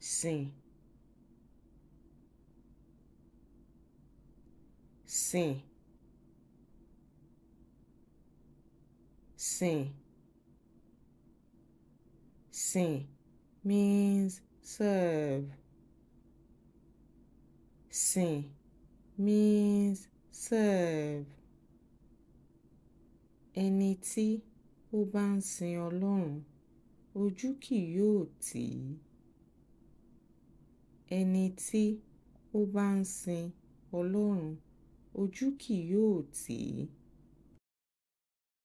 Sim. Sim. Sim. Sim. means serve Sim. means serve ẹni tí ó bá ń sin ọlọ́run ojú kì yóò tì í ẹni tí ó bá ń sin ọlọ́run ojú kì yóò tì í